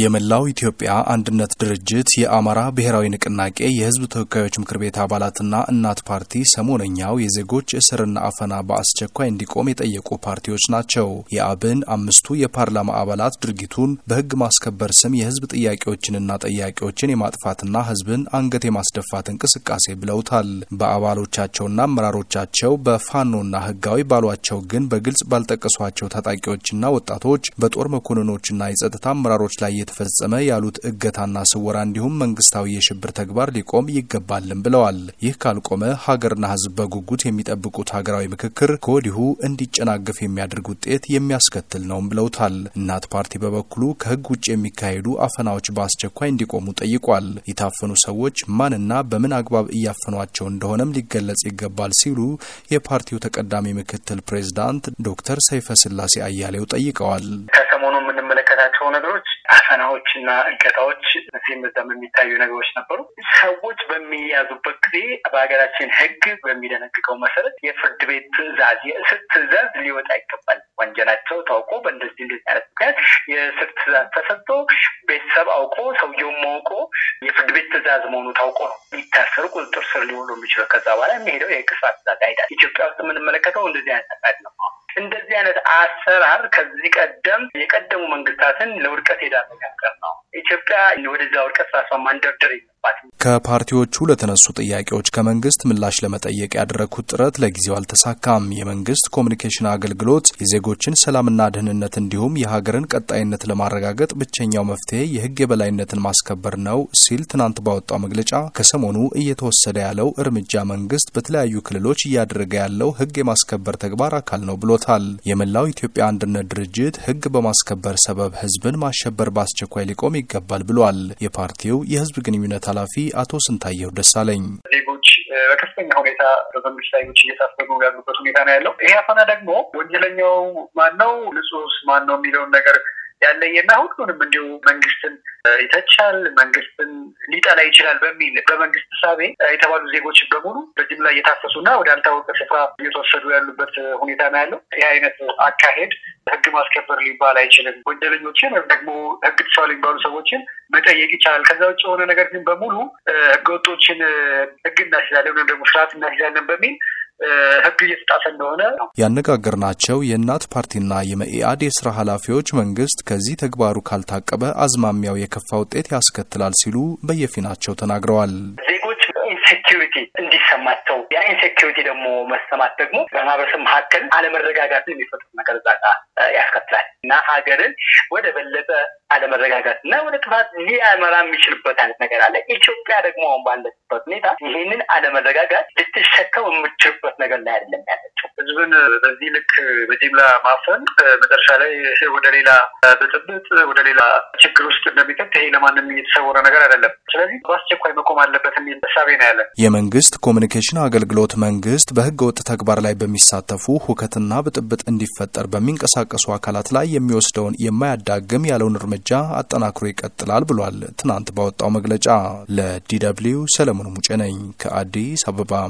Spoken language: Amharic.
የመላው ኢትዮጵያ አንድነት ድርጅት የአማራ ብሔራዊ ንቅናቄ የህዝብ ተወካዮች ምክር ቤት አባላትና እናት ፓርቲ ሰሞነኛው የዜጎች እስርና አፈና በአስቸኳይ እንዲቆም የጠየቁ ፓርቲዎች ናቸው። የአብን አምስቱ የፓርላማ አባላት ድርጊቱን በህግ ማስከበር ስም የህዝብ ጥያቄዎችንና ጠያቂዎችን የማጥፋትና ህዝብን አንገት የማስደፋት እንቅስቃሴ ብለውታል። በአባሎቻቸውና አመራሮቻቸው በፋኖና ህጋዊ ባሏቸው ግን በግልጽ ባልጠቀሷቸው ታጣቂዎችና ወጣቶች በጦር መኮንኖችና የጸጥታ አመራሮች ላይ የተፈጸመ ያሉት እገታና ስወራ እንዲሁም መንግስታዊ የሽብር ተግባር ሊቆም ይገባልን ብለዋል። ይህ ካልቆመ ሀገርና ህዝብ በጉጉት የሚጠብቁት ሀገራዊ ምክክር ከወዲሁ እንዲጨናገፍ የሚያደርግ ውጤት የሚያስከትል ነውም ብለውታል። እናት ፓርቲ በበኩሉ ከህግ ውጭ የሚካሄዱ አፈናዎች በአስቸኳይ እንዲቆሙ ጠይቋል። የታፈኑ ሰዎች ማንና በምን አግባብ እያፈኗቸው እንደሆነም ሊገለጽ ይገባል ሲሉ የፓርቲው ተቀዳሚ ምክትል ፕሬዝዳንት ዶክተር ሰይፈ ስላሴ አያሌው ጠይቀዋል። ከሰሞኑ የምንመለከታቸው ነገሮች ጫናዎች እና እገታዎች እዚህም እዛም የሚታዩ ነገሮች ነበሩ። ሰዎች በሚያዙበት ጊዜ በሀገራችን ሕግ በሚደነግቀው መሰረት የፍርድ ቤት ትዕዛዝ፣ የእስር ትዕዛዝ ሊወጣ ይገባል። ወንጀላቸው ታውቆ በእንደዚህ እንደዚህ አይነት ምክንያት የእስር ትዕዛዝ ተሰጥቶ ቤተሰብ አውቆ ሰውየውም አውቆ የፍርድ ቤት ትዕዛዝ መሆኑ ታውቆ ነው ሊታሰሩ ቁጥጥር ስር ሊውሉ የሚችለው። ከዛ በኋላ የሚሄደው የህግ ስራ ትዕዛዝ አይዳል። ኢትዮጵያ ውስጥ የምንመለከተው እንደዚህ አይነት ነው። እንደዚህ አይነት አሰራር ከዚህ ቀደም የቀደሙ መንግስታትን ለውድቀት ሄዳ ነው። ኢትዮጵያ ወደዛ ውድቀት ራሷን ማንደርደር ከፓርቲዎቹ ለተነሱ ጥያቄዎች ከመንግስት ምላሽ ለመጠየቅ ያደረግኩት ጥረት ለጊዜው አልተሳካም። የመንግስት ኮሚኒኬሽን አገልግሎት የዜጎችን ሰላምና ደህንነት እንዲሁም የሀገርን ቀጣይነት ለማረጋገጥ ብቸኛው መፍትሄ የህግ የበላይነትን ማስከበር ነው ሲል ትናንት ባወጣው መግለጫ ከሰሞኑ እየተወሰደ ያለው እርምጃ መንግስት በተለያዩ ክልሎች እያደረገ ያለው ህግ የማስከበር ተግባር አካል ነው ብሎታል። የመላው ኢትዮጵያ አንድነት ድርጅት ህግ በማስከበር ሰበብ ህዝብን ማሸበር በአስቸኳይ ሊቆም ይገባል ብሏል። የፓርቲው የህዝብ ግንኙነት ኃላፊ አቶ ስንታየሁ ደሳለኝ ዜጎች በከፍተኛ ሁኔታ በመንግስት ኃይሎች እየታሰሩ ያሉበት ሁኔታ ነው ያለው። ይሄ አፈና ደግሞ ወንጀለኛው ማን ነው፣ ንጹህ ማን ነው የሚለውን ነገር ያለየና ሁሉንም እንዲሁ መንግስትን ይተቻል፣ መንግስትን ሊጠላ ይችላል በሚል በመንግስት ሳቤ የተባሉ ዜጎች በሙሉ በጅምላ እየታፈሱና ወደ አልታወቀ ስፍራ እየተወሰዱ ያሉበት ሁኔታ ነው ያለው። ይህ አይነት አካሄድ ህግ ማስከበር ሊባል አይችልም። ወንጀለኞችን ወይም ደግሞ ህግ ጥሰዋል የሚባሉ ሰዎችን መጠየቅ ይቻላል። ከዛ ውጭ የሆነ ነገር ግን በሙሉ ህገወጦችን ህግ እናስይዛለን ወይም ደግሞ ስርዓት እናስይዛለን በሚል ህግ እየተጣሰ እንደሆነ ነው ያነጋገርናቸው። የእናት ፓርቲና የመኢአድ የስራ ኃላፊዎች መንግስት ከዚህ ተግባሩ ካልታቀበ አዝማሚያው የከፋ ውጤት ያስከትላል ሲሉ በየፊናቸው ተናግረዋል። ዜጎች ኢንሴኪሪቲ እንዲሰማቸው ያ ኢንሴኪሪቲ ደግሞ መሰማት ደግሞ በማህበረሰብ መካከል አለመረጋጋትን የሚፈጥር ነገር ዛጋ ያስከትላል። እና ሀገርን ወደ በለጠ አለመረጋጋት እና ወደ ጥፋት ሊያመራ የሚችልበት አይነት ነገር አለ። ኢትዮጵያ ደግሞ አሁን ባለችበት ሁኔታ ይህንን አለመረጋጋት ልትሸከም የምችልበት ነገር ላይ አይደለም ያለችው። ህዝብን በዚህ ልክ በጅምላ ማፈን መጨረሻ ላይ ወደ ሌላ ብጥብጥ፣ ወደ ሌላ ችግር ውስጥ እንደሚከት ይሄ ለማንም የተሰወረ ነገር አይደለም። ስለዚህ በአስቸኳይ መቆም አለበት የሚል ሳቤ ነው ያለ የመንግስት ኮሚኒኬሽን አገልግሎት መንግስት በህገ ወጥ ተግባር ላይ በሚሳተፉ ሁከትና ብጥብጥ እንዲፈጠር በሚንቀሳቀሱ አካላት ላይ የሚወስደውን የማያዳግም ያለውን እርምጃ አጠናክሮ ይቀጥላል ብሏል። ትናንት ባወጣው መግለጫ ለዲ ሰለሞን ሙጬ ነኝ ከአዲስ አበባ